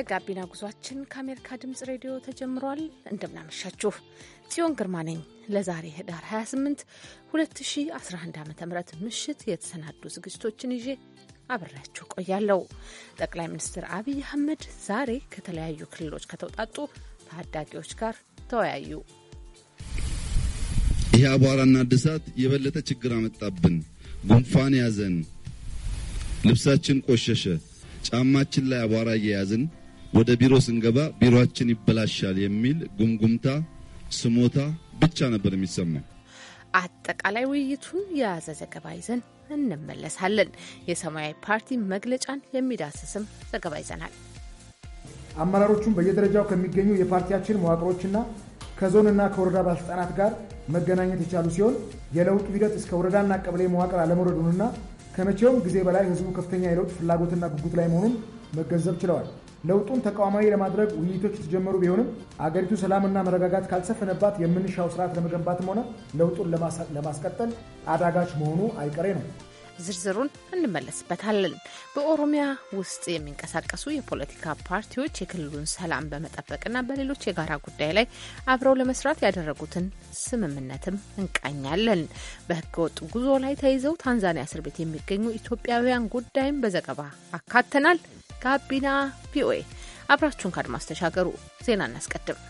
የጋቢና ጉዟችን ከአሜሪካ ድምጽ ሬዲዮ ተጀምሯል። እንደምናመሻችሁ ጽዮን ግርማ ነኝ። ለዛሬ ህዳር 28 2011 ዓ ም ምሽት የተሰናዱ ዝግጅቶችን ይዤ አብሬያችሁ ቆያለሁ። ጠቅላይ ሚኒስትር አብይ አህመድ ዛሬ ከተለያዩ ክልሎች ከተውጣጡ ታዳጊዎች ጋር ተወያዩ። ይህ አቧራና እድሳት የበለጠ ችግር አመጣብን። ጉንፋን ያዘን፣ ልብሳችን ቆሸሸ፣ ጫማችን ላይ አቧራ እየያዝን ወደ ቢሮ ስንገባ ቢሮአችን ይበላሻል የሚል ጉምጉምታ፣ ስሞታ ብቻ ነበር የሚሰማው። አጠቃላይ ውይይቱን የያዘ ዘገባ ይዘን እንመለሳለን። የሰማያዊ ፓርቲ መግለጫን የሚዳስስም ዘገባ ይዘናል። አመራሮቹም በየደረጃው ከሚገኙ የፓርቲያችን መዋቅሮችና ከዞንና ከወረዳ ባለስልጣናት ጋር መገናኘት የቻሉ ሲሆን የለውጡ ሂደት እስከ ወረዳና ቀበሌ መዋቅር አለመውረዱንና ከመቼውም ጊዜ በላይ ህዝቡ ከፍተኛ የለውጥ ፍላጎትና ጉጉት ላይ መሆኑን መገንዘብ ችለዋል። ለውጡን ተቃዋማዊ ለማድረግ ውይይቶች የተጀመሩ ቢሆንም አገሪቱ ሰላምና መረጋጋት ካልሰፈነባት የምንሻው ስርዓት ለመገንባትም ሆነ ለውጡን ለማስቀጠል አዳጋች መሆኑ አይቀሬ ነው። ዝርዝሩን እንመለስበታለን። በኦሮሚያ ውስጥ የሚንቀሳቀሱ የፖለቲካ ፓርቲዎች የክልሉን ሰላም በመጠበቅና በሌሎች የጋራ ጉዳይ ላይ አብረው ለመስራት ያደረጉትን ስምምነትም እንቃኛለን። በህገወጥ ጉዞ ላይ ተይዘው ታንዛኒያ እስር ቤት የሚገኙ ኢትዮጵያውያን ጉዳይም በዘገባ አካተናል። ጋቢና ቪኦኤ አብራችሁን ከአድማስ ተሻገሩ። ዜና እናስቀድም።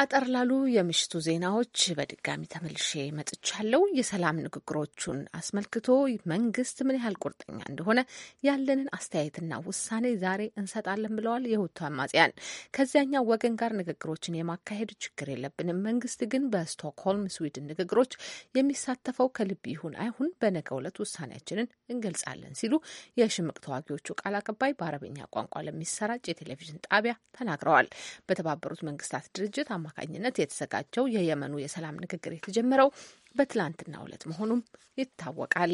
አጠር ላሉ የምሽቱ ዜናዎች በድጋሚ ተመልሼ መጥቻለሁ። የሰላም ንግግሮቹን አስመልክቶ መንግስት ምን ያህል ቁርጠኛ እንደሆነ ያለንን አስተያየትና ውሳኔ ዛሬ እንሰጣለን ብለዋል የሁቱ አማጽያን። ከዚያኛው ወገን ጋር ንግግሮችን የማካሄድ ችግር የለብንም። መንግስት ግን በስቶክሆልም ስዊድን ንግግሮች የሚሳተፈው ከልብ ይሁን አይሁን በነገ ዕለት ውሳኔያችንን እንገልጻለን ሲሉ የሽምቅ ተዋጊዎቹ ቃል አቀባይ በአረብኛ ቋንቋ ለሚሰራጭ የቴሌቪዥን ጣቢያ ተናግረዋል። በተባበሩት መንግስታት ድርጅት አማካኝነት የተዘጋጀው የየመኑ የሰላም ንግግር የተጀመረው በትላንትናው ዕለት መሆኑም ይታወቃል።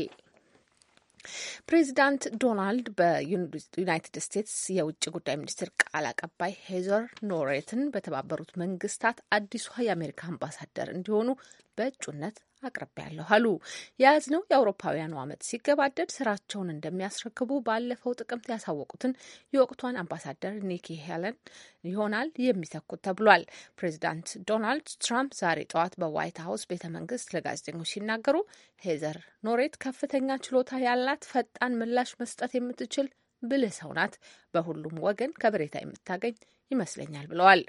ፕሬዚዳንት ዶናልድ በዩናይትድ ስቴትስ የውጭ ጉዳይ ሚኒስትር ቃል አቀባይ ሄዘር ኖሬትን በተባበሩት መንግስታት አዲሷ የአሜሪካ አምባሳደር እንዲሆኑ በእጩነት አቅርቤያለሁ አሉ። የያዝነው የአውሮፓውያኑ ዓመት ሲገባደድ ስራቸውን እንደሚያስረክቡ ባለፈው ጥቅምት ያሳወቁትን የወቅቷን አምባሳደር ኒኪ ሄለን ይሆናል የሚተኩት ተብሏል። ፕሬዚዳንት ዶናልድ ትራምፕ ዛሬ ጠዋት በዋይት ሀውስ ቤተ መንግስት ለጋዜጠኞች ሲናገሩ ሄዘር ኖሬት ከፍተኛ ችሎታ ያላት፣ ፈጣን ምላሽ መስጠት የምትችል ብልህ ሰው ናት። በሁሉም ወገን ከበሬታ የምታገኝ ይመስለኛል ብለዋል።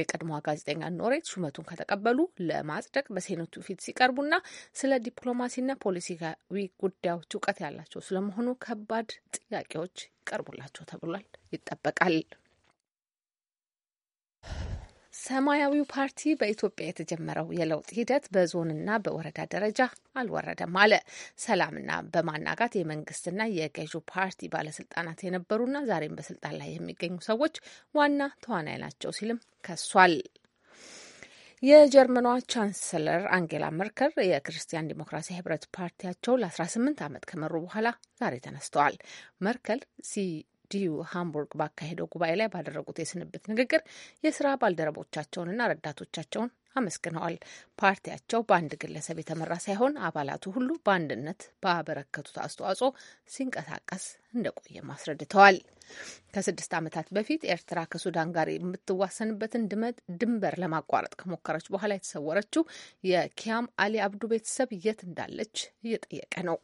የቀድሞዋ ጋዜጠኛ ኖሬት ሹመቱን ከተቀበሉ ለማጽደቅ በሴኔቱ ፊት ሲቀርቡና ስለ ዲፕሎማሲና ፖሊሲዊ ጉዳዮች እውቀት ያላቸው ስለመሆኑ ከባድ ጥያቄዎች ይቀርቡላቸው ተብሏል ይጠበቃል። ሰማያዊው ፓርቲ በኢትዮጵያ የተጀመረው የለውጥ ሂደት በዞንና በወረዳ ደረጃ አልወረደም አለ። ሰላምና በማናጋት የመንግስትና የገዢው ፓርቲ ባለስልጣናት የነበሩና ዛሬም በስልጣን ላይ የሚገኙ ሰዎች ዋና ተዋናይ ናቸው ሲልም ከሷል። የጀርመኗ ቻንስለር አንጌላ መርከል የክርስቲያን ዲሞክራሲ ህብረት ፓርቲያቸው ለ18 ዓመት ከመሩ በኋላ ዛሬ ተነስተዋል። መርከል ዲዩ ሃምቡርግ ባካሄደው ጉባኤ ላይ ባደረጉት የስንብት ንግግር የስራ ባልደረቦቻቸውንና ረዳቶቻቸውን አመስግነዋል። ፓርቲያቸው በአንድ ግለሰብ የተመራ ሳይሆን አባላቱ ሁሉ በአንድነት ባበረከቱት አስተዋጽኦ ሲንቀሳቀስ እንደቆየም አስረድተዋል። ከስድስት ዓመታት በፊት ኤርትራ ከሱዳን ጋር የምትዋሰንበትን ድንበር ለማቋረጥ ከሞከረች በኋላ የተሰወረችው የኪያም አሊ አብዱ ቤተሰብ የት እንዳለች እየጠየቀ ነው።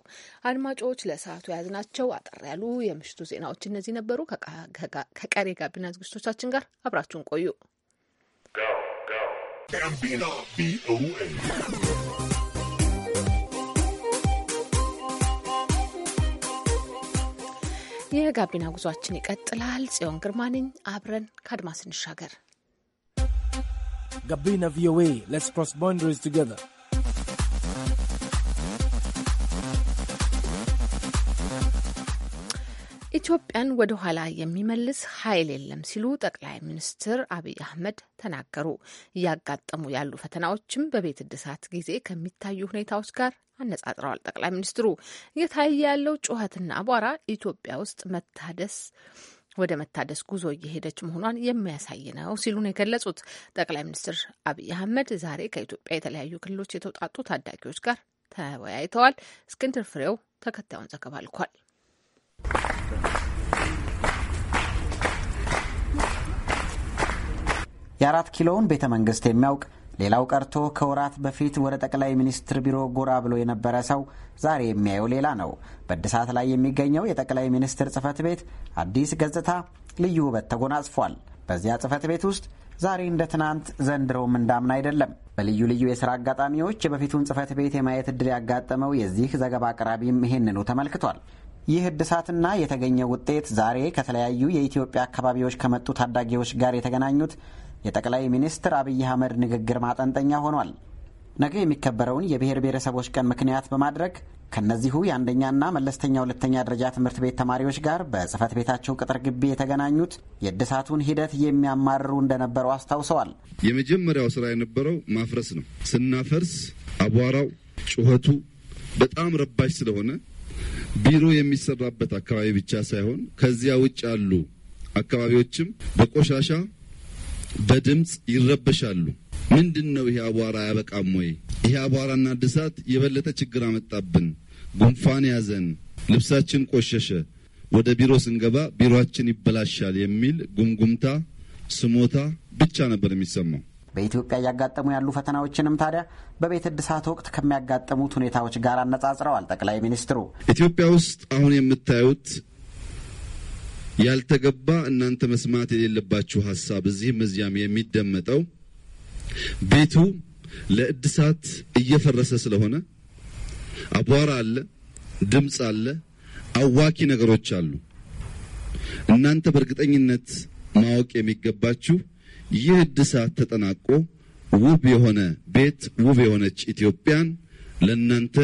አድማጮች ለሰዓቱ የያዝናቸው አጠር ያሉ የምሽቱ ዜናዎች እነዚህ ነበሩ። ከቀሪ ጋቢና ዝግጅቶቻችን ጋር አብራችሁን ቆዩ። ጋቢና ቪኦኤ የጋቢና ጉዟችን ይቀጥላል። ጽዮን ግርማ ነኝ። አብረን ከአድማስ እንሻገር። ጋቢና ቪኦኤ ሌትስ ክሮስ ቦንደሪስ ቱጌዘር ኢትዮጵያን ወደ ኋላ የሚመልስ ኃይል የለም ሲሉ ጠቅላይ ሚኒስትር አብይ አህመድ ተናገሩ። እያጋጠሙ ያሉ ፈተናዎችም በቤት እድሳት ጊዜ ከሚታዩ ሁኔታዎች ጋር አነጻጥረዋል። ጠቅላይ ሚኒስትሩ እየታየ ያለው ጩኸትና አቧራ ኢትዮጵያ ውስጥ መታደስ ወደ መታደስ ጉዞ እየሄደች መሆኗን የሚያሳይ ነው ሲሉ ነው የገለጹት። ጠቅላይ ሚኒስትር አብይ አህመድ ዛሬ ከኢትዮጵያ የተለያዩ ክልሎች የተውጣጡ ታዳጊዎች ጋር ተወያይተዋል። እስክንድር ፍሬው ተከታዩን ዘገባ ልኳል። የአራት ኪሎውን ቤተ መንግስት የሚያውቅ ሌላው ቀርቶ ከወራት በፊት ወደ ጠቅላይ ሚኒስትር ቢሮ ጎራ ብሎ የነበረ ሰው ዛሬ የሚያየው ሌላ ነው። በእድሳት ላይ የሚገኘው የጠቅላይ ሚኒስትር ጽህፈት ቤት አዲስ ገጽታ፣ ልዩ ውበት ተጎናጽፏል። በዚያ ጽህፈት ቤት ውስጥ ዛሬ እንደ ትናንት ዘንድሮም እንዳምና አይደለም። በልዩ ልዩ የሥራ አጋጣሚዎች የበፊቱን ጽህፈት ቤት የማየት ዕድል ያጋጠመው የዚህ ዘገባ አቅራቢም ይህንኑ ተመልክቷል። ይህ እድሳትና የተገኘው ውጤት ዛሬ ከተለያዩ የኢትዮጵያ አካባቢዎች ከመጡ ታዳጊዎች ጋር የተገናኙት የጠቅላይ ሚኒስትር አብይ አህመድ ንግግር ማጠንጠኛ ሆኗል። ነገ የሚከበረውን የብሔር ብሔረሰቦች ቀን ምክንያት በማድረግ ከእነዚሁ የአንደኛና መለስተኛ ሁለተኛ ደረጃ ትምህርት ቤት ተማሪዎች ጋር በጽህፈት ቤታቸው ቅጥር ግቢ የተገናኙት የእድሳቱን ሂደት የሚያማርሩ እንደነበሩ አስታውሰዋል። የመጀመሪያው ስራ የነበረው ማፍረስ ነው። ስናፈርስ አቧራው፣ ጩኸቱ በጣም ረባሽ ስለሆነ ቢሮ የሚሰራበት አካባቢ ብቻ ሳይሆን ከዚያ ውጭ ያሉ አካባቢዎችም በቆሻሻ በድምፅ ይረበሻሉ። ምንድን ነው ይሄ አቧራ አያበቃም ወይ? ይሄ አቧራና እድሳት የበለጠ ችግር አመጣብን። ጉንፋን ያዘን፣ ልብሳችን ቆሸሸ፣ ወደ ቢሮ ስንገባ ቢሮችን ይበላሻል የሚል ጉምጉምታ፣ ስሞታ ብቻ ነበር የሚሰማው። በኢትዮጵያ እያጋጠሙ ያሉ ፈተናዎችንም ታዲያ በቤት እድሳት ወቅት ከሚያጋጥሙት ሁኔታዎች ጋር አነጻጽረዋል ጠቅላይ ሚኒስትሩ። ኢትዮጵያ ውስጥ አሁን የምታዩት ያልተገባ እናንተ መስማት የሌለባችሁ ሀሳብ እዚህም እዚያም የሚደመጠው ቤቱ ለእድሳት እየፈረሰ ስለሆነ አቧራ አለ፣ ድምፅ አለ፣ አዋኪ ነገሮች አሉ። እናንተ በእርግጠኝነት ማወቅ የሚገባችሁ ይህ እድሳት ተጠናቆ ውብ የሆነ ቤት ውብ የሆነች ኢትዮጵያን ለእናንተ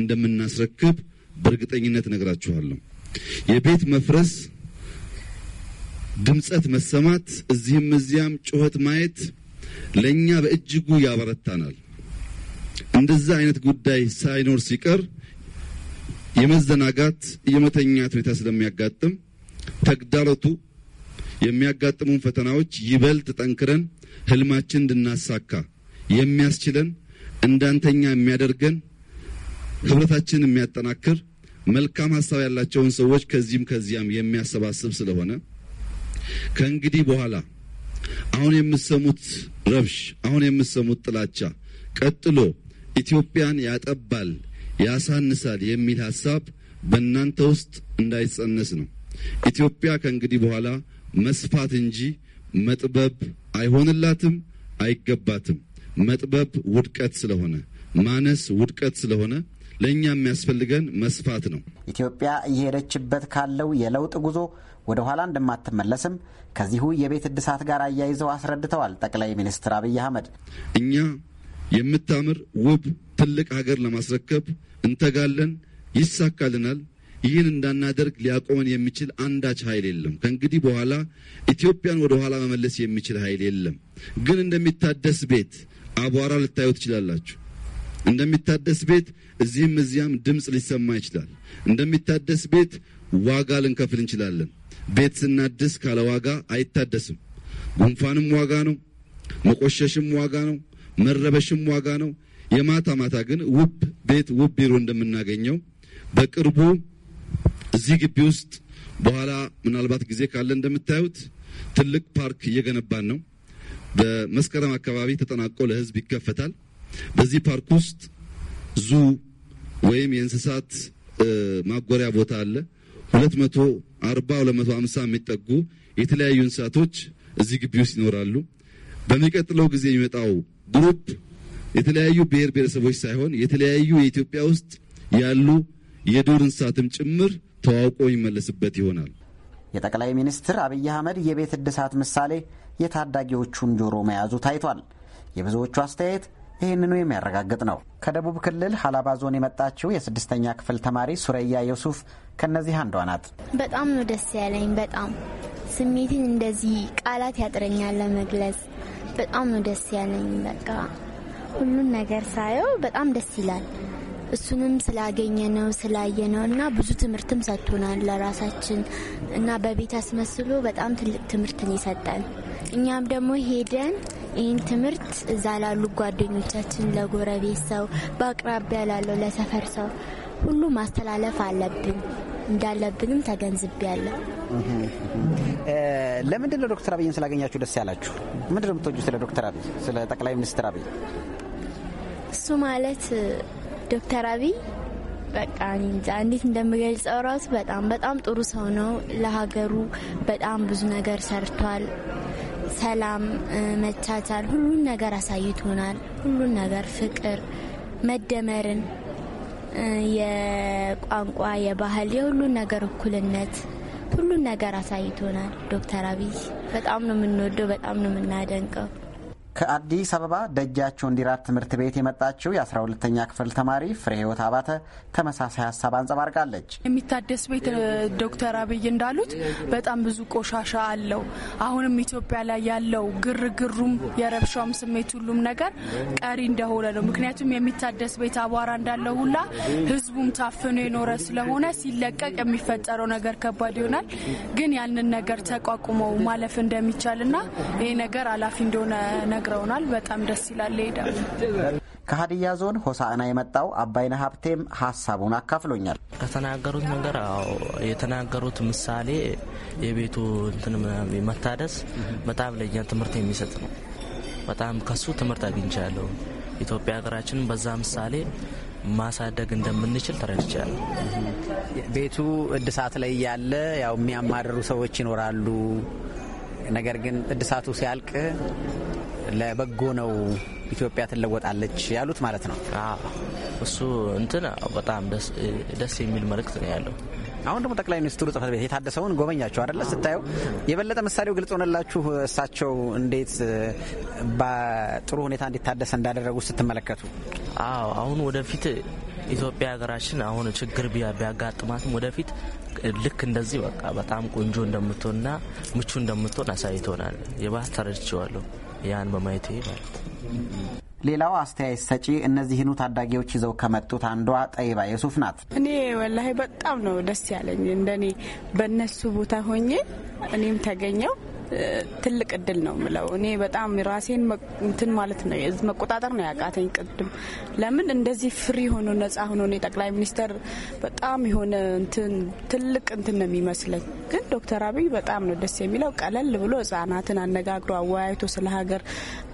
እንደምናስረክብ በእርግጠኝነት ነግራችኋለሁ። የቤት መፍረስ፣ ድምፀት መሰማት፣ እዚህም እዚያም ጩኸት ማየት ለእኛ በእጅጉ ያበረታናል። እንደዛ አይነት ጉዳይ ሳይኖር ሲቀር የመዘናጋት የመተኛት ሁኔታ ስለሚያጋጥም ተግዳሮቱ የሚያጋጥሙን ፈተናዎች ይበልጥ ጠንክረን ህልማችን እንድናሳካ የሚያስችለን እንዳንተኛ የሚያደርገን ህብረታችንን የሚያጠናክር መልካም ሀሳብ ያላቸውን ሰዎች ከዚህም ከዚያም የሚያሰባስብ ስለሆነ ከእንግዲህ በኋላ አሁን የምትሰሙት ረብሽ፣ አሁን የምትሰሙት ጥላቻ ቀጥሎ ኢትዮጵያን ያጠባል፣ ያሳንሳል የሚል ሀሳብ በእናንተ ውስጥ እንዳይጸነስ ነው። ኢትዮጵያ ከእንግዲህ በኋላ መስፋት እንጂ መጥበብ አይሆንላትም፣ አይገባትም። መጥበብ ውድቀት ስለሆነ፣ ማነስ ውድቀት ስለሆነ ለእኛ የሚያስፈልገን መስፋት ነው። ኢትዮጵያ እየሄደችበት ካለው የለውጥ ጉዞ ወደ ኋላ እንደማትመለስም ከዚሁ የቤት እድሳት ጋር አያይዘው አስረድተዋል ጠቅላይ ሚኒስትር አብይ አህመድ። እኛ የምታምር ውብ ትልቅ ሀገር ለማስረከብ እንተጋለን፣ ይሳካልናል። ይህን እንዳናደርግ ሊያቆመን የሚችል አንዳች ኃይል የለም። ከእንግዲህ በኋላ ኢትዮጵያን ወደ ኋላ መመለስ የሚችል ኃይል የለም። ግን እንደሚታደስ ቤት አቧራ ልታዩ ትችላላችሁ። እንደሚታደስ ቤት እዚህም እዚያም ድምፅ ሊሰማ ይችላል። እንደሚታደስ ቤት ዋጋ ልንከፍል እንችላለን። ቤት ስናድስ ካለ ዋጋ አይታደስም። ጉንፋንም ዋጋ ነው፣ መቆሸሽም ዋጋ ነው፣ መረበሽም ዋጋ ነው። የማታ ማታ ግን ውብ ቤት ውብ ቢሮ እንደምናገኘው በቅርቡ እዚህ ግቢ ውስጥ በኋላ ምናልባት ጊዜ ካለ እንደምታዩት ትልቅ ፓርክ እየገነባን ነው። በመስከረም አካባቢ ተጠናቆ ለህዝብ ይከፈታል። በዚህ ፓርክ ውስጥ ዙ ወይም የእንስሳት ማጎሪያ ቦታ አለ። ሁለት መቶ አርባ ሁለት መቶ ሃምሳ የሚጠጉ የተለያዩ እንስሳቶች እዚህ ግቢ ውስጥ ይኖራሉ። በሚቀጥለው ጊዜ የሚመጣው ግሩፕ የተለያዩ ብሔር ብሔረሰቦች ሳይሆን የተለያዩ የኢትዮጵያ ውስጥ ያሉ የዱር እንስሳትም ጭምር ተዋውቆ ይመለስበት ይሆናል። የጠቅላይ ሚኒስትር አብይ አህመድ የቤት እድሳት ምሳሌ የታዳጊዎቹን ጆሮ መያዙ ታይቷል። የብዙዎቹ አስተያየት ይህንኑ የሚያረጋግጥ ነው። ከደቡብ ክልል ሀላባ ዞን የመጣችው የስድስተኛ ክፍል ተማሪ ሱረያ ዮሱፍ ከእነዚህ አንዷ ናት። በጣም ነው ደስ ያለኝ። በጣም ስሜትን እንደዚህ ቃላት ያጥረኛል ለመግለጽ። በጣም ነው ደስ ያለኝ። በቃ ሁሉን ነገር ሳየው በጣም ደስ ይላል። እሱንም ስላገኘ ነው ስላየ ነው እና ብዙ ትምህርትም ሰጥቶናል ለራሳችን እና በቤት አስመስሎ በጣም ትልቅ ትምህርትን ይሰጣል። እኛም ደግሞ ሄደን ይህን ትምህርት እዛ ላሉ ጓደኞቻችን፣ ለጎረቤት ሰው፣ በአቅራቢያ ላለው ለሰፈር ሰው ሁሉ ማስተላለፍ አለብን እንዳለብንም ተገንዝቤያለሁ። ለምንድን ነው ዶክተር አብይን ስላገኛችሁ ደስ ያላችሁ? ምንድን ነው የምትወጁ ስለ ዶክተር አብይ ስለ ጠቅላይ ሚኒስትር አብይ? እሱ ማለት ዶክተር አብይ በቃ እንጃ እንዴት እንደምገልጸው ራሱ በጣም በጣም ጥሩ ሰው ነው። ለሀገሩ በጣም ብዙ ነገር ሰርቷል። ሰላም፣ መቻቻል፣ ሁሉን ነገር አሳይቶናል። ሁሉን ነገር ፍቅር፣ መደመርን፣ የቋንቋ የባህል፣ የሁሉን ነገር እኩልነት፣ ሁሉን ነገር አሳይቶናል። ዶክተር አብይ በጣም ነው የምንወደው፣ በጣም ነው የምናደንቀው። ከአዲስ አበባ ደጃቸው እንዲራት ትምህርት ቤት የመጣችው የአስራ ሁለተኛ ክፍል ተማሪ ፍሬህይወት አባተ ተመሳሳይ ሀሳብ አንጸባርቃለች። የሚታደስ ቤት ዶክተር አብይ እንዳሉት በጣም ብዙ ቆሻሻ አለው። አሁንም ኢትዮጵያ ላይ ያለው ግርግሩም የረብሻውም ስሜት ሁሉም ነገር ቀሪ እንደሆነ ነው። ምክንያቱም የሚታደስ ቤት አቧራ እንዳለው ሁላ ህዝቡም ታፍኖ የኖረ ስለሆነ ሲለቀቅ የሚፈጠረው ነገር ከባድ ይሆናል። ግን ያንን ነገር ተቋቁመው ማለፍ እንደሚቻልና ይህ ነገር አላፊ እንደሆነ ነገር ነግረውናል። በጣም ደስ ይላል። ይሄዳል። ከሀዲያ ዞን ሆሳዕና የመጣው አባይነ ሀብቴም ሀሳቡን አካፍሎኛል። ከተናገሩት ነገር የተናገሩት ምሳሌ የቤቱ እንትን መታደስ በጣም ለኛ ትምህርት የሚሰጥ ነው። በጣም ከሱ ትምህርት አግኝቻለሁ። ኢትዮጵያ ሀገራችን በዛ ምሳሌ ማሳደግ እንደምንችል ተረድቻለሁ። ቤቱ እድሳት ላይ ያለ ያው የሚያማርሩ ሰዎች ይኖራሉ። ነገር ግን እድሳቱ ሲያልቅ ለበጎ ነው ኢትዮጵያ ትለወጣለች ያሉት ማለት ነው። እሱ እንትን በጣም ደስ የሚል መልእክት ነው ያለው። አሁን ደግሞ ጠቅላይ ሚኒስትሩ ጽፈት ቤት የታደሰውን ጎበኛችሁ አደለ? ስታየው የበለጠ ምሳሌው ግልጽ ሆነላችሁ። እሳቸው እንዴት በጥሩ ሁኔታ እንዲታደሰ እንዳደረጉ ስትመለከቱ፣ አዎ አሁን ወደፊት ኢትዮጵያ ሀገራችን አሁን ችግር ቢያጋጥማትም ወደፊት ልክ እንደዚህ በቃ በጣም ቆንጆ እንደምትሆንና ምቹ እንደምትሆን አሳይቶናል። የባስ ተረድቼዋለሁ። ያን በማየቴ ማለት ሌላው አስተያየት ሰጪ እነዚህኑ ታዳጊዎች ይዘው ከመጡት አንዷ ጠይባ የሱፍ ናት። እኔ ወላሂ በጣም ነው ደስ ያለኝ እንደኔ በእነሱ ቦታ ሆኜ እኔም ተገኘው ትልቅ እድል ነው ምለው እኔ በጣም ራሴን እንትን ማለት ነው መቆጣጠር ነው ያቃተኝ። ቅድም ለምን እንደዚህ ፍሪ ሆኖ ነጻ ሆኖ እኔ ጠቅላይ ሚኒስተር በጣም የሆነ እንትን ትልቅ እንትን ነው የሚመስለኝ፣ ግን ዶክተር አብይ በጣም ነው ደስ የሚለው ቀለል ብሎ ህጻናትን አነጋግሮ አወያይቶ ስለ ሀገር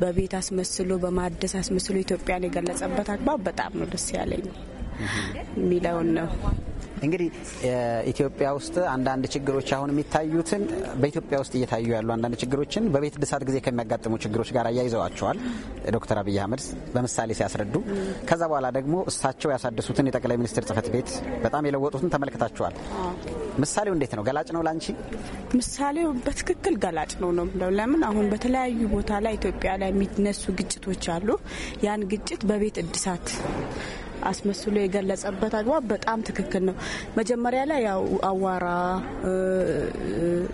በቤት አስመስሎ በማደስ አስመስሎ ኢትዮጵያን የገለጸበት አግባብ በጣም ነው ደስ ያለኝ የሚለውን ነው እንግዲህ ኢትዮጵያ ውስጥ አንዳንድ ችግሮች አሁን የሚታዩትን በኢትዮጵያ ውስጥ እየታዩ ያሉ አንዳንድ ችግሮችን በቤት እድሳት ጊዜ ከሚያጋጥሙ ችግሮች ጋር አያይዘዋቸዋል ዶክተር አብይ አህመድ በምሳሌ ሲያስረዱ። ከዛ በኋላ ደግሞ እሳቸው ያሳደሱትን የጠቅላይ ሚኒስትር ጽህፈት ቤት በጣም የለወጡትን ተመልክታቸዋል። ምሳሌው እንዴት ነው? ገላጭ ነው ላንቺ? ምሳሌው በትክክል ገላጭ ነው ነው የምለው። ለምን አሁን በተለያዩ ቦታ ላይ ኢትዮጵያ ላይ የሚነሱ ግጭቶች አሉ። ያን ግጭት በቤት እድሳት አስመስሎ የገለጸበት አግባብ በጣም ትክክል ነው። መጀመሪያ ላይ ያው አዋራ፣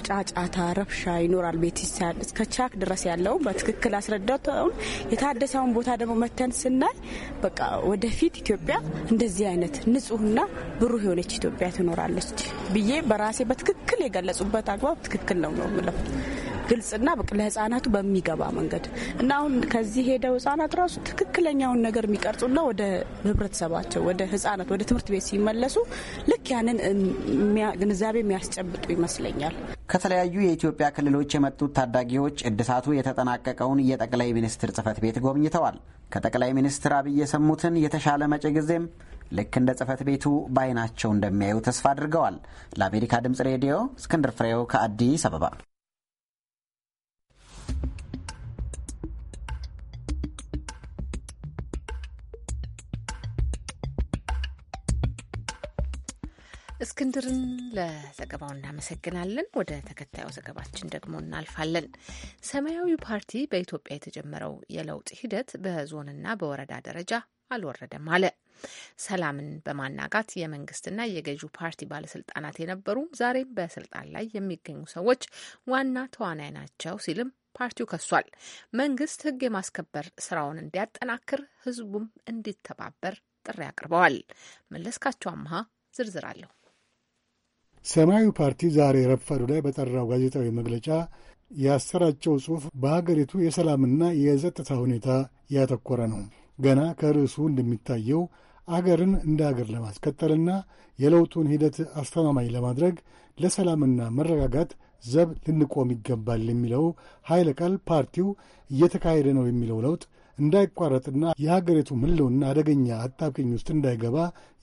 ጫጫታ፣ ረብሻ ይኖራል ቤት ይሳል እስከ ቻክ ድረስ ያለው በትክክል አስረዳታውን የታደሰውን ቦታ ደግሞ መተን ስናይ በቃ ወደፊት ኢትዮጵያ እንደዚህ አይነት ንጹህና ብሩህ የሆነች ኢትዮጵያ ትኖራለች ብዬ በራሴ በትክክል የገለጹበት አግባብ ትክክል ነው ነው ግልጽና ለህጻናቱ በሚገባ መንገድ እና አሁን ከዚህ ሄደው ህጻናት ራሱ ትክክለኛውን ነገር የሚቀርጹና ወደ ህብረተሰባቸው ወደ ህጻናት ወደ ትምህርት ቤት ሲመለሱ ልክ ያንን ግንዛቤ የሚያስጨብጡ ይመስለኛል። ከተለያዩ የኢትዮጵያ ክልሎች የመጡት ታዳጊዎች እድሳቱ የተጠናቀቀውን የጠቅላይ ሚኒስትር ጽህፈት ቤት ጎብኝተዋል። ከጠቅላይ ሚኒስትር አብይ የሰሙትን የተሻለ መጪ ጊዜም ልክ እንደ ጽህፈት ቤቱ በአይናቸው እንደሚያዩ ተስፋ አድርገዋል። ለአሜሪካ ድምጽ ሬዲዮ እስክንድር ፍሬው ከአዲስ አበባ እስክንድርን ለዘገባው እናመሰግናለን። ወደ ተከታዩ ዘገባችን ደግሞ እናልፋለን። ሰማያዊ ፓርቲ በኢትዮጵያ የተጀመረው የለውጥ ሂደት በዞንና በወረዳ ደረጃ አልወረደም አለ። ሰላምን በማናጋት የመንግስትና የገዢው ፓርቲ ባለስልጣናት የነበሩ ዛሬም በስልጣን ላይ የሚገኙ ሰዎች ዋና ተዋናይ ናቸው ሲልም ፓርቲው ከሷል። መንግስት ህግ የማስከበር ስራውን እንዲያጠናክር፣ ህዝቡም እንዲተባበር ጥሪ አቅርበዋል። መለስካቸው አምሃ ዝርዝር አለሁ ሰማያዊ ፓርቲ ዛሬ ረፋዱ ላይ በጠራው ጋዜጣዊ መግለጫ ያሰራጨው ጽሑፍ በሀገሪቱ የሰላምና የጸጥታ ሁኔታ ያተኮረ ነው። ገና ከርዕሱ እንደሚታየው አገርን እንደ አገር ለማስቀጠልና የለውጡን ሂደት አስተማማኝ ለማድረግ ለሰላምና መረጋጋት ዘብ ልንቆም ይገባል የሚለው ኃይለ ቃል ፓርቲው እየተካሄደ ነው የሚለው ለውጥ እንዳይቋረጥና የሀገሪቱ ምለውና አደገኛ አጣብቅኝ ውስጥ እንዳይገባ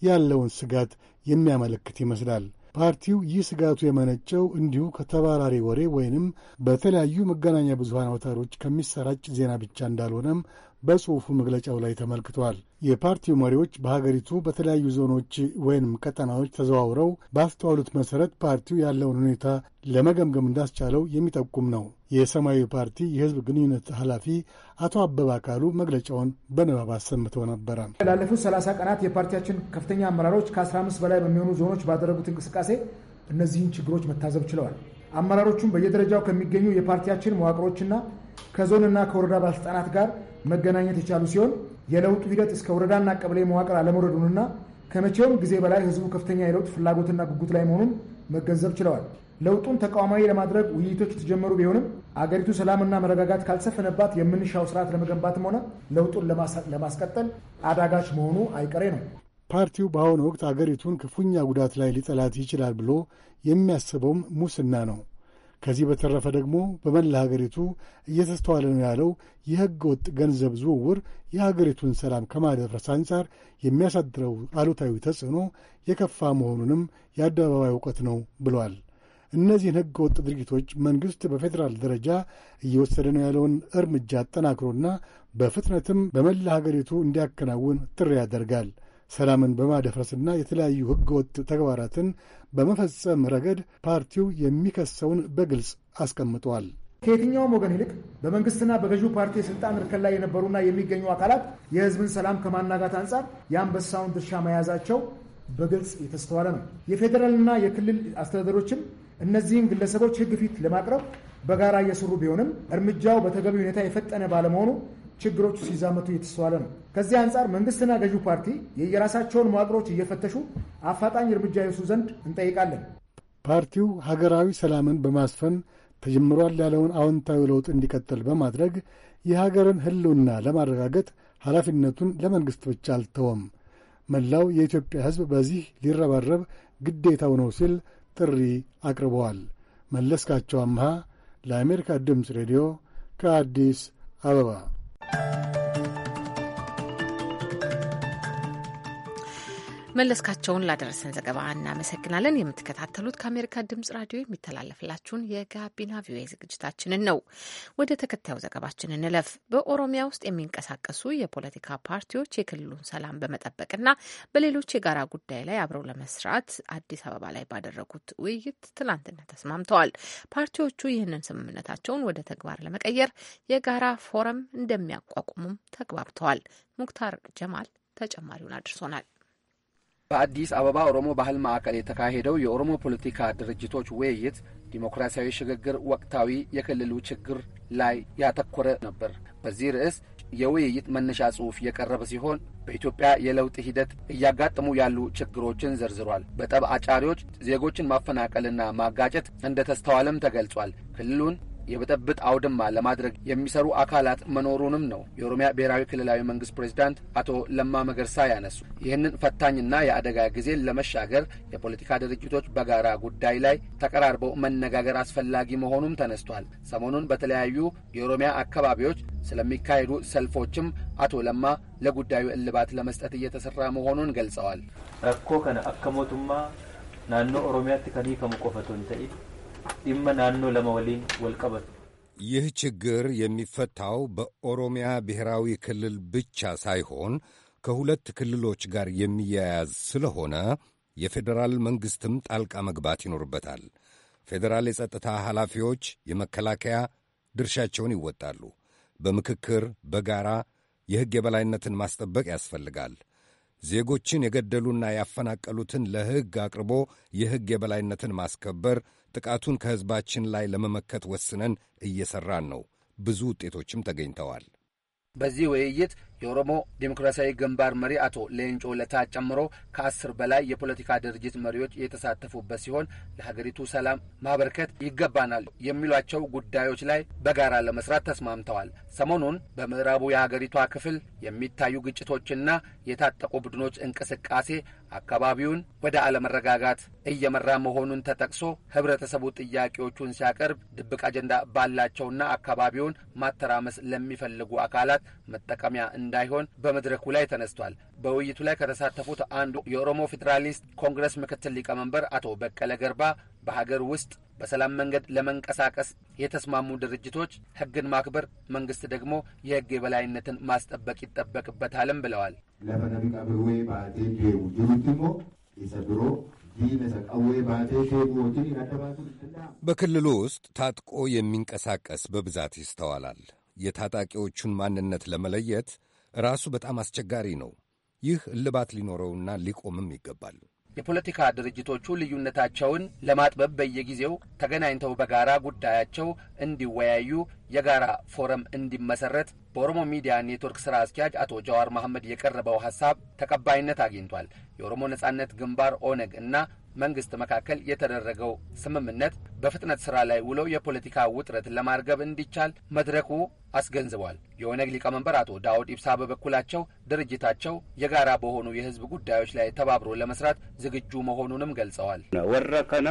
ያለውን ስጋት የሚያመለክት ይመስላል። ፓርቲው ይህ ስጋቱ የመነጨው እንዲሁ ከተባራሪ ወሬ ወይንም በተለያዩ መገናኛ ብዙሃን አውታሮች ከሚሰራጭ ዜና ብቻ እንዳልሆነም በጽሑፉ መግለጫው ላይ ተመልክቷል። የፓርቲው መሪዎች በሀገሪቱ በተለያዩ ዞኖች ወይንም ቀጠናዎች ተዘዋውረው ባስተዋሉት መሠረት ፓርቲው ያለውን ሁኔታ ለመገምገም እንዳስቻለው የሚጠቁም ነው። የሰማያዊ ፓርቲ የህዝብ ግንኙነት ኃላፊ አቶ አበበ አካሉ መግለጫውን በንባብ አሰምተው ነበረ። ላለፉት 30 ቀናት የፓርቲያችን ከፍተኛ አመራሮች ከ15 በላይ በሚሆኑ ዞኖች ባደረጉት እንቅስቃሴ እነዚህን ችግሮች መታዘብ ችለዋል። አመራሮቹም በየደረጃው ከሚገኙ የፓርቲያችን መዋቅሮችና ከዞንና ከወረዳ ባለስልጣናት ጋር መገናኘት የቻሉ ሲሆን የለውጡ ሂደት እስከ ወረዳና ቀበሌ መዋቅር አለመውረዱንና ከመቼውም ጊዜ በላይ ህዝቡ ከፍተኛ የለውጥ ፍላጎትና ጉጉት ላይ መሆኑን መገንዘብ ችለዋል። ለውጡን ተቋማዊ ለማድረግ ውይይቶች የተጀመሩ ቢሆንም አገሪቱ ሰላምና መረጋጋት ካልሰፈነባት የምንሻው ስርዓት ለመገንባትም ሆነ ለውጡን ለማስቀጠል አዳጋች መሆኑ አይቀሬ ነው። ፓርቲው በአሁኑ ወቅት አገሪቱን ክፉኛ ጉዳት ላይ ሊጠላት ይችላል ብሎ የሚያስበውም ሙስና ነው። ከዚህ በተረፈ ደግሞ በመላ ሀገሪቱ እየተስተዋለ ነው ያለው የሕገ ወጥ ገንዘብ ዝውውር የሀገሪቱን ሰላም ከማደፍረስ አንጻር የሚያሳድረው አሉታዊ ተጽዕኖ የከፋ መሆኑንም የአደባባይ እውቀት ነው ብሏል። እነዚህን ሕገ ወጥ ድርጊቶች መንግሥት በፌዴራል ደረጃ እየወሰደ ነው ያለውን እርምጃ አጠናክሮና በፍጥነትም በመላ ሀገሪቱ እንዲያከናውን ጥሪ ያደርጋል። ሰላምን በማደፍረስና የተለያዩ ሕገወጥ ተግባራትን በመፈጸም ረገድ ፓርቲው የሚከሰውን በግልጽ አስቀምጠዋል። ከየትኛውም ወገን ይልቅ በመንግስትና በገዢው ፓርቲ የስልጣን እርከን ላይ የነበሩና የሚገኙ አካላት የህዝብን ሰላም ከማናጋት አንጻር የአንበሳውን ድርሻ መያዛቸው በግልጽ የተስተዋለ ነው። የፌዴራልና የክልል አስተዳደሮችም እነዚህን ግለሰቦች ሕግ ፊት ለማቅረብ በጋራ እየሰሩ ቢሆንም እርምጃው በተገቢ ሁኔታ የፈጠነ ባለመሆኑ ችግሮቹ ሲዛመቱ እየተስተዋለ ነው። ከዚህ አንጻር መንግስትና ገዢው ፓርቲ የየራሳቸውን መዋቅሮች እየፈተሹ አፋጣኝ እርምጃ ይወስዱ ዘንድ እንጠይቃለን። ፓርቲው ሀገራዊ ሰላምን በማስፈን ተጀምሯል ያለውን አዎንታዊ ለውጥ እንዲቀጥል በማድረግ የሀገርን ህልውና ለማረጋገጥ ኃላፊነቱን ለመንግሥት ብቻ አልተወም፣ መላው የኢትዮጵያ ሕዝብ በዚህ ሊረባረብ ግዴታው ነው ሲል ጥሪ አቅርበዋል። መለስካቸው አምሃ ለአሜሪካ ድምፅ ሬዲዮ ከአዲስ አበባ Thank you. መለስካቸውን ላደረሰን ዘገባ እናመሰግናለን። የምትከታተሉት ከአሜሪካ ድምጽ ራዲዮ የሚተላለፍላችሁን የጋቢና ቪኦኤ ዝግጅታችንን ነው። ወደ ተከታዩ ዘገባችን እንለፍ። በኦሮሚያ ውስጥ የሚንቀሳቀሱ የፖለቲካ ፓርቲዎች የክልሉን ሰላም በመጠበቅና በሌሎች የጋራ ጉዳይ ላይ አብረው ለመስራት አዲስ አበባ ላይ ባደረጉት ውይይት ትናንትነት ተስማምተዋል። ፓርቲዎቹ ይህንን ስምምነታቸውን ወደ ተግባር ለመቀየር የጋራ ፎረም እንደሚያቋቁሙም ተግባብተዋል። ሙክታር ጀማል ተጨማሪውን አድርሶናል። በአዲስ አበባ ኦሮሞ ባህል ማዕከል የተካሄደው የኦሮሞ ፖለቲካ ድርጅቶች ውይይት ዲሞክራሲያዊ ሽግግር ወቅታዊ የክልሉ ችግር ላይ ያተኮረ ነበር። በዚህ ርዕስ የውይይት መነሻ ጽሑፍ የቀረበ ሲሆን በኢትዮጵያ የለውጥ ሂደት እያጋጠሙ ያሉ ችግሮችን ዘርዝሯል። በጠብ አጫሪዎች ዜጎችን ማፈናቀልና ማጋጨት እንደተስተዋለም ተገልጿል። ክልሉን የብጥብጥ አውድማ ለማድረግ የሚሰሩ አካላት መኖሩንም ነው የኦሮሚያ ብሔራዊ ክልላዊ መንግስት ፕሬዚዳንት አቶ ለማ መገርሳ ያነሱ። ይህንን ፈታኝና የአደጋ ጊዜ ለመሻገር የፖለቲካ ድርጅቶች በጋራ ጉዳይ ላይ ተቀራርበው መነጋገር አስፈላጊ መሆኑም ተነስቷል። ሰሞኑን በተለያዩ የኦሮሚያ አካባቢዎች ስለሚካሄዱ ሰልፎችም አቶ ለማ ለጉዳዩ እልባት ለመስጠት እየተሰራ መሆኑን ገልጸዋል። እኮ ከነ አከሞቱማ ናኖ ኦሮሚያ ከኒ ከመቆፈቶን ተኢ ይመናኑ ለመወሊን ወልቀበት ይህ ችግር የሚፈታው በኦሮሚያ ብሔራዊ ክልል ብቻ ሳይሆን ከሁለት ክልሎች ጋር የሚያያዝ ስለሆነ የፌዴራል መንግሥትም ጣልቃ መግባት ይኖርበታል። ፌዴራል የጸጥታ ኃላፊዎች፣ የመከላከያ ድርሻቸውን ይወጣሉ። በምክክር በጋራ የሕግ የበላይነትን ማስጠበቅ ያስፈልጋል። ዜጎችን የገደሉና ያፈናቀሉትን ለሕግ አቅርቦ የሕግ የበላይነትን ማስከበር ጥቃቱን ከሕዝባችን ላይ ለመመከት ወስነን እየሠራን ነው። ብዙ ውጤቶችም ተገኝተዋል። በዚህ ውይይት የኦሮሞ ዴሞክራሲያዊ ግንባር መሪ አቶ ሌንጮ ለታ ጨምሮ ከአስር በላይ የፖለቲካ ድርጅት መሪዎች የተሳተፉበት ሲሆን ለሀገሪቱ ሰላም ማበርከት ይገባናል የሚሏቸው ጉዳዮች ላይ በጋራ ለመስራት ተስማምተዋል። ሰሞኑን በምዕራቡ የሀገሪቷ ክፍል የሚታዩ ግጭቶችና የታጠቁ ቡድኖች እንቅስቃሴ አካባቢውን ወደ አለመረጋጋት እየመራ መሆኑን ተጠቅሶ ህብረተሰቡ ጥያቄዎቹን ሲያቀርብ ድብቅ አጀንዳ ባላቸውና አካባቢውን ማተራመስ ለሚፈልጉ አካላት መጠቀሚያ እንዳይሆን በመድረኩ ላይ ተነስቷል። በውይይቱ ላይ ከተሳተፉት አንዱ የኦሮሞ ፌዴራሊስት ኮንግረስ ምክትል ሊቀመንበር አቶ በቀለ ገርባ በሀገር ውስጥ በሰላም መንገድ ለመንቀሳቀስ የተስማሙ ድርጅቶች ህግን ማክበር፣ መንግስት ደግሞ የህግ የበላይነትን ማስጠበቅ ይጠበቅበታልም ብለዋል። በክልሉ ውስጥ ታጥቆ የሚንቀሳቀስ በብዛት ይስተዋላል። የታጣቂዎቹን ማንነት ለመለየት ራሱ በጣም አስቸጋሪ ነው። ይህ እልባት ሊኖረውና ሊቆምም ይገባል። የፖለቲካ ድርጅቶቹ ልዩነታቸውን ለማጥበብ በየጊዜው ተገናኝተው በጋራ ጉዳያቸው እንዲወያዩ የጋራ ፎረም እንዲመሰረት በኦሮሞ ሚዲያ ኔትወርክ ስራ አስኪያጅ አቶ ጀዋር መሐመድ የቀረበው ሀሳብ ተቀባይነት አግኝቷል። የኦሮሞ ነጻነት ግንባር ኦነግ እና መንግስት መካከል የተደረገው ስምምነት በፍጥነት ስራ ላይ ውለው የፖለቲካ ውጥረት ለማርገብ እንዲቻል መድረኩ አስገንዝቧል። የኦነግ ሊቀመንበር አቶ ዳውድ ኢብሳ በበኩላቸው ድርጅታቸው የጋራ በሆኑ የህዝብ ጉዳዮች ላይ ተባብሮ ለመስራት ዝግጁ መሆኑንም ገልጸዋል። ወረከነ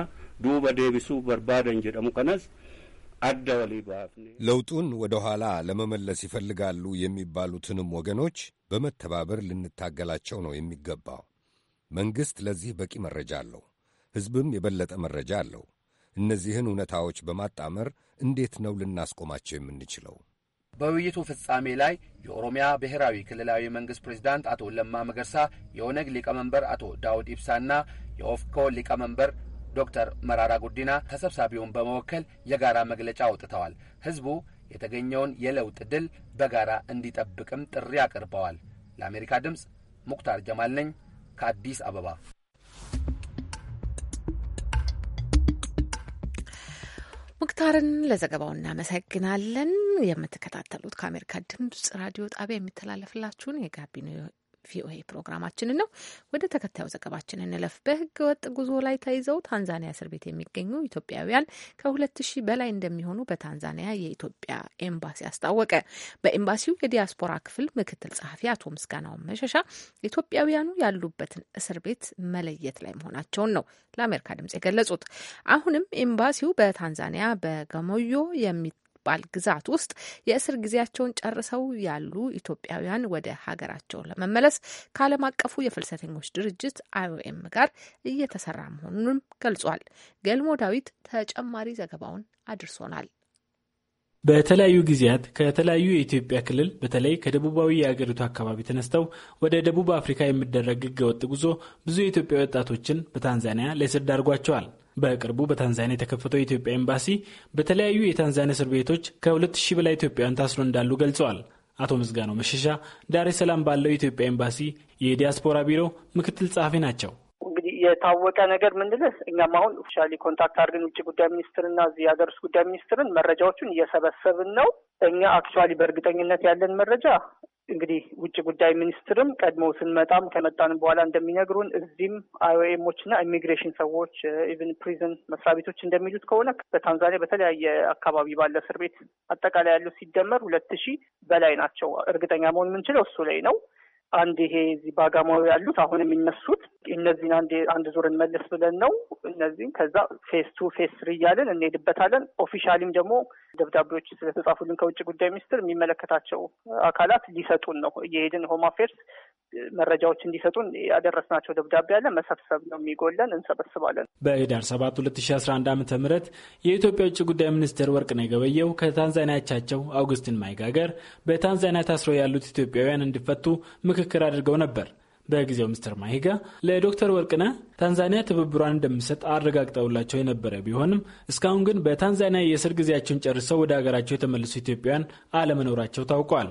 ዱበ ደቢሱ በርባደን ጀደሙ ቀነስ ለውጡን ወደ ኋላ ለመመለስ ይፈልጋሉ የሚባሉትንም ወገኖች በመተባበር ልንታገላቸው ነው የሚገባው። መንግሥት ለዚህ በቂ መረጃ አለው። ሕዝብም የበለጠ መረጃ አለው። እነዚህን እውነታዎች በማጣመር እንዴት ነው ልናስቆማቸው የምንችለው? በውይይቱ ፍጻሜ ላይ የኦሮሚያ ብሔራዊ ክልላዊ መንግስት ፕሬዚዳንት አቶ ለማ መገርሳ፣ የኦነግ ሊቀመንበር አቶ ዳውድ ኢብሳና የኦፍኮ ሊቀመንበር ዶክተር መራራ ጉዲና ተሰብሳቢውን በመወከል የጋራ መግለጫ አውጥተዋል። ህዝቡ የተገኘውን የለውጥ ድል በጋራ እንዲጠብቅም ጥሪ አቅርበዋል። ለአሜሪካ ድምፅ ሙክታር ጀማል ነኝ ከአዲስ አበባ። ሙክታርን ለዘገባው እናመሰግናለን። የምትከታተሉት ከአሜሪካ ድምጽ ራዲዮ ጣቢያ የሚተላለፍላችሁን የጋቢና ቪኦኤ ፕሮግራማችንን ነው። ወደ ተከታዩ ዘገባችን እንለፍ። በህገ ወጥ ጉዞ ላይ ተይዘው ታንዛኒያ እስር ቤት የሚገኙ ኢትዮጵያውያን ከሁለት ሺህ በላይ እንደሚሆኑ በታንዛኒያ የኢትዮጵያ ኤምባሲ አስታወቀ። በኤምባሲው የዲያስፖራ ክፍል ምክትል ጸሐፊ አቶ ምስጋናውን መሸሻ ኢትዮጵያውያኑ ያሉበትን እስር ቤት መለየት ላይ መሆናቸውን ነው ለአሜሪካ ድምጽ የገለጹት። አሁንም ኤምባሲው በታንዛኒያ በገሞዮ የሚ በሚባል ግዛት ውስጥ የእስር ጊዜያቸውን ጨርሰው ያሉ ኢትዮጵያውያን ወደ ሀገራቸው ለመመለስ ከዓለም አቀፉ የፍልሰተኞች ድርጅት አይኦኤም ጋር እየተሰራ መሆኑንም ገልጿል። ገልሞ ዳዊት ተጨማሪ ዘገባውን አድርሶናል። በተለያዩ ጊዜያት ከተለያዩ የኢትዮጵያ ክልል በተለይ ከደቡባዊ የአገሪቱ አካባቢ ተነስተው ወደ ደቡብ አፍሪካ የሚደረግ ህገወጥ ጉዞ ብዙ የኢትዮጵያ ወጣቶችን በታንዛኒያ ለእስር ዳርጓቸዋል። በቅርቡ በታንዛኒያ የተከፈተው የኢትዮጵያ ኤምባሲ በተለያዩ የታንዛኒያ እስር ቤቶች ከሁለት ሺህ በላይ ኢትዮጵያውያን ታስሮ እንዳሉ ገልጸዋል። አቶ ምዝጋናው መሸሻ ዳሬ ሰላም ባለው የኢትዮጵያ ኤምባሲ የዲያስፖራ ቢሮ ምክትል ጸሐፊ ናቸው። የታወቀ ነገር ምንድነው? እኛም አሁን ኦፊሻሊ ኮንታክት አድርገን ውጭ ጉዳይ ሚኒስትርና እዚህ የሀገር ውስጥ ጉዳይ ሚኒስትርን መረጃዎቹን እየሰበሰብን ነው። እኛ አክቹዋሊ በእርግጠኝነት ያለን መረጃ እንግዲህ ውጭ ጉዳይ ሚኒስትርም ቀድሞ ስንመጣም ከመጣን በኋላ እንደሚነግሩን እዚህም አይኦኤሞች እና ኢሚግሬሽን ሰዎች ኢቨን eh, ፕሪዝን መስሪያ ቤቶች እንደሚሉት ከሆነ በታንዛኒያ በተለያየ አካባቢ ባለ እስር ቤት አጠቃላይ ያሉት ሲደመር ሁለት ሺህ በላይ ናቸው። እርግጠኛ መሆን የምንችለው እሱ ላይ ነው። አንድ ይሄ እዚህ ባጋማው ያሉት አሁን የሚነሱት እነዚህን አንድ አንድ ዙር እንመልስ ብለን ነው። እነዚህም ከዛ ፌስ ቱ ፌስ ስሪ እያለን እንሄድበታለን። ኦፊሻሊም ደግሞ ደብዳቤዎች ስለተጻፉልን ከውጭ ጉዳይ ሚኒስትር የሚመለከታቸው አካላት ሊሰጡን ነው። እየሄድን ሆም አፌርስ መረጃዎች እንዲሰጡን ያደረስናቸው ደብዳቤ አለ። መሰብሰብ ነው የሚጎለን፣ እንሰበስባለን። በህዳር 7 2011 ዓ ም የኢትዮጵያ ውጭ ጉዳይ ሚኒስትር ወርቅነህ ገበየሁ ከታንዛኒያ አቻቸው አውግስቲን ማይጋገር በታንዛኒያ ታስረው ያሉት ኢትዮጵያውያን እንዲፈቱ ምክክር አድርገው ነበር። በጊዜው ሚስተር ማሂጋ ለዶክተር ወርቅነህ ታንዛኒያ ትብብሯን እንደምሰጥ አረጋግጠውላቸው የነበረ ቢሆንም እስካሁን ግን በታንዛኒያ የእስር ጊዜያቸውን ጨርሰው ወደ ሀገራቸው የተመለሱ ኢትዮጵያውያን አለመኖራቸው ታውቋል።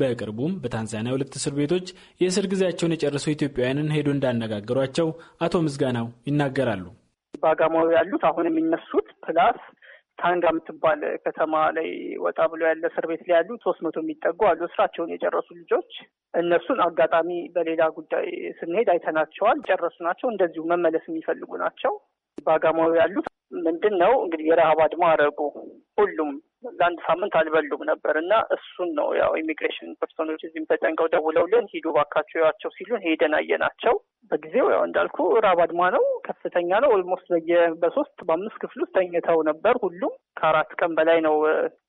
በቅርቡም በታንዛኒያ ሁለት እስር ቤቶች የእስር ጊዜያቸውን የጨረሱ ኢትዮጵያውያንን ሄዶ እንዳነጋገሯቸው አቶ ምዝጋናው ይናገራሉ። ባጋማው ያሉት አሁን የሚነሱት ፕላስ ታንጋ የምትባል ከተማ ላይ ወጣ ብሎ ያለ እስር ቤት ላይ ያሉ ሶስት መቶ የሚጠጉ አሉ ስራቸውን የጨረሱ ልጆች። እነሱን አጋጣሚ በሌላ ጉዳይ ስንሄድ አይተናቸዋል። ጨረሱ ናቸው። እንደዚሁ መመለስ የሚፈልጉ ናቸው። በአጋማዊ ያሉት ምንድን ነው እንግዲህ የረሀብ አድማ አረጉ። ሁሉም ለአንድ ሳምንት አልበሉም ነበር እና እሱን ነው ያው ኢሚግሬሽን ፐርሶኖች እዚህም ተጨንቀው ደውለውልን ሂዱ ባካቸው ያቸው ሲሉን ሄደን አየናቸው። በጊዜው ያው እንዳልኩ ራብ አድማ ነው፣ ከፍተኛ ነው። ኦልሞስት በየ በሶስት በአምስት ክፍል ውስጥ ተኝተው ነበር። ሁሉም ከአራት ቀን በላይ ነው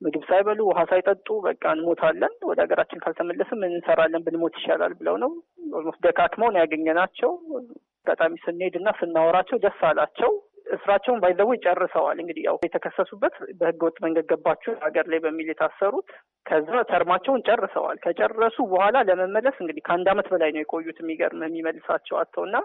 ምግብ ሳይበሉ ውሃ ሳይጠጡ፣ በቃ እንሞታለን፣ ወደ ሀገራችን ካልተመለስም እንሰራለን፣ ብንሞት ይሻላል ብለው ነው ኦልሞስት ደካክመው ነው ያገኘናቸው። አጋጣሚ ስንሄድ እና ስናወራቸው ደስ አላቸው። እስራቸውን ባይዘው ጨርሰዋል። እንግዲህ ያው የተከሰሱበት በህገወጥ መንገድ ገባችሁ ሀገር ላይ በሚል የታሰሩት ከዛ ተርማቸውን ጨርሰዋል። ከጨረሱ በኋላ ለመመለስ እንግዲህ ከአንድ አመት በላይ ነው የቆዩት። የሚገርም የሚመልሳቸው አጥተው እና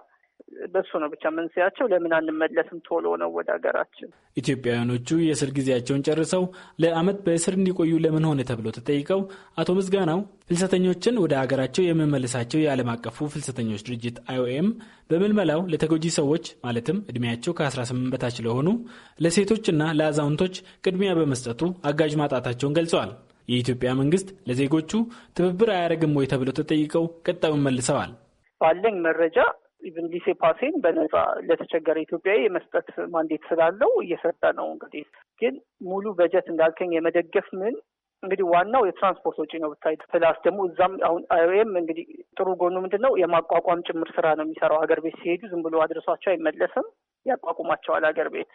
በሱ ነው ብቻ መንስያቸው። ለምን አንመለስም ቶሎ ነው ወደ ሀገራችን? ኢትዮጵያውያኖቹ የእስር ጊዜያቸውን ጨርሰው ለዓመት በእስር እንዲቆዩ ለምን ሆነ ተብሎ ተጠይቀው አቶ ምስጋናው ፍልሰተኞችን ወደ ሀገራቸው የመመልሳቸው የዓለም አቀፉ ፍልሰተኞች ድርጅት አይኦኤም በምልመላው ለተጎጂ ሰዎች ማለትም እድሜያቸው ከ18 በታች ለሆኑ ለሴቶችና ለአዛውንቶች ቅድሚያ በመስጠቱ አጋዥ ማጣታቸውን ገልጸዋል። የኢትዮጵያ መንግስት ለዜጎቹ ትብብር አያደርግም ወይ ተብሎ ተጠይቀው ቀጣዩን መልሰዋል። ባለኝ መረጃ ኢቨን ሊሴ ፓሴን በነጻ ለተቸገረ ኢትዮጵያዊ የመስጠት ማንዴት ስላለው እየሰጠ ነው። እንግዲህ ግን ሙሉ በጀት እንዳልከኝ የመደገፍ ምን እንግዲህ ዋናው የትራንስፖርት ወጪ ነው ብታይ፣ ፕላስ ደግሞ እዛም አሁን አይኤም እንግዲህ ጥሩ ጎኑ ምንድን ነው የማቋቋም ጭምር ስራ ነው የሚሰራው። ሀገር ቤት ሲሄዱ ዝም ብሎ አድረሷቸው አይመለስም፣ ያቋቁማቸዋል ሀገር ቤት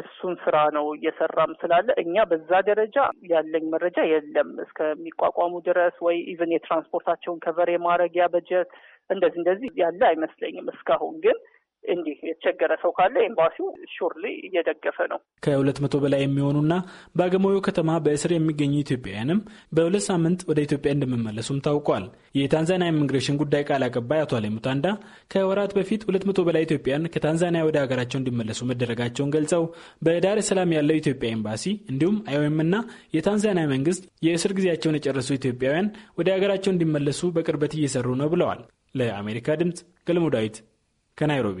እሱን ስራ ነው እየሰራም ስላለ እኛ በዛ ደረጃ ያለኝ መረጃ የለም። እስከሚቋቋሙ ድረስ ወይ ኢቨን የትራንስፖርታቸውን ከቨር የማድረጊያ በጀት እንደዚህ እንደዚህ ያለ አይመስለኝም እስካሁን ግን እንዲህ የተቸገረ ሰው ካለ ኤምባሲው ሹርሊ እየደገፈ ነው። ከሁለት መቶ በላይ የሚሆኑና በአገሞዮ ከተማ በእስር የሚገኙ ኢትዮጵያውያንም በሁለት ሳምንት ወደ ኢትዮጵያ እንደሚመለሱም ታውቋል። የታንዛኒያ ኢሚግሬሽን ጉዳይ ቃል አቀባይ አቶ አሌ ሙታንዳ ከወራት በፊት ሁለት መቶ በላይ ኢትዮጵያን ከታንዛኒያ ወደ ሀገራቸው እንዲመለሱ መደረጋቸውን ገልጸው በዳር ሰላም ያለው ኢትዮጵያ ኤምባሲ እንዲሁም አይኦኤም የታንዛኒያ መንግስት የእስር ጊዜያቸውን የጨረሱ ኢትዮጵያውያን ወደ ሀገራቸው እንዲመለሱ በቅርበት እየሰሩ ነው ብለዋል። ለአሜሪካ ድምፅ ገልሞ ዳዊት ከናይሮቢ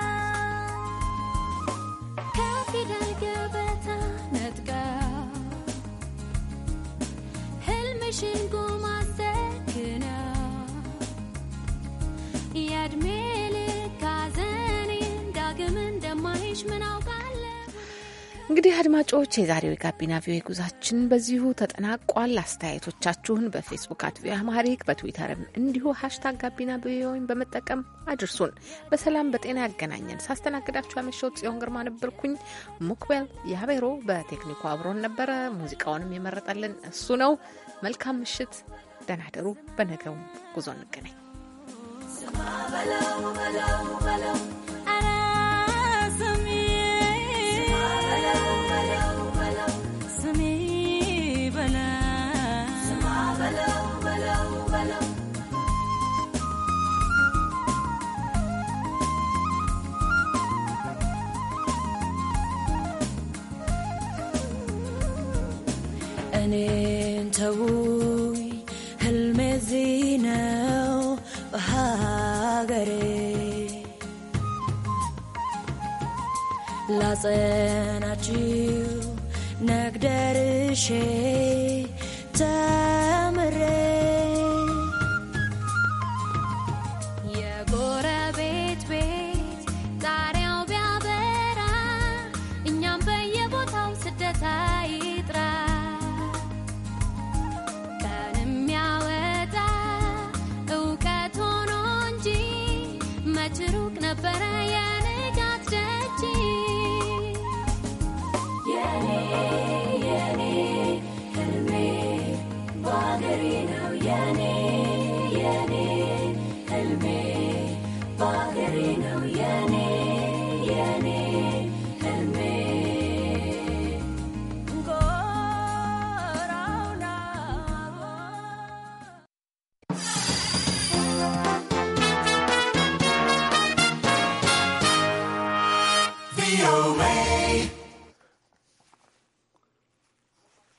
ገበታ ነጥቃ ህልምሽን ጎማ እንግዲህ አድማጮች የዛሬው የጋቢና ቪኦኤ ጉዟችን በዚሁ ተጠናቋል። አስተያየቶቻችሁን በፌስቡክ አት ቪኦኤ አማሪክ በትዊተርም እንዲሁ ሀሽታግ ጋቢና ቪኦኤን በመጠቀም አድርሱን። በሰላም በጤና ያገናኘን። ሳስተናግዳችሁ ያመሸው ጽዮን ግርማ ነበርኩኝ። ሙክቤል ያቤሮ በቴክኒኩ አብሮን ነበረ። ሙዚቃውንም የመረጠልን እሱ ነው። መልካም ምሽት፣ ደህና ደሩ። በነገው ጉዞ እንገናኝ። እኔን ተውኝ ህልሜ እዚህ ነው በሀገሬ ላጸናችው ነግደርሼ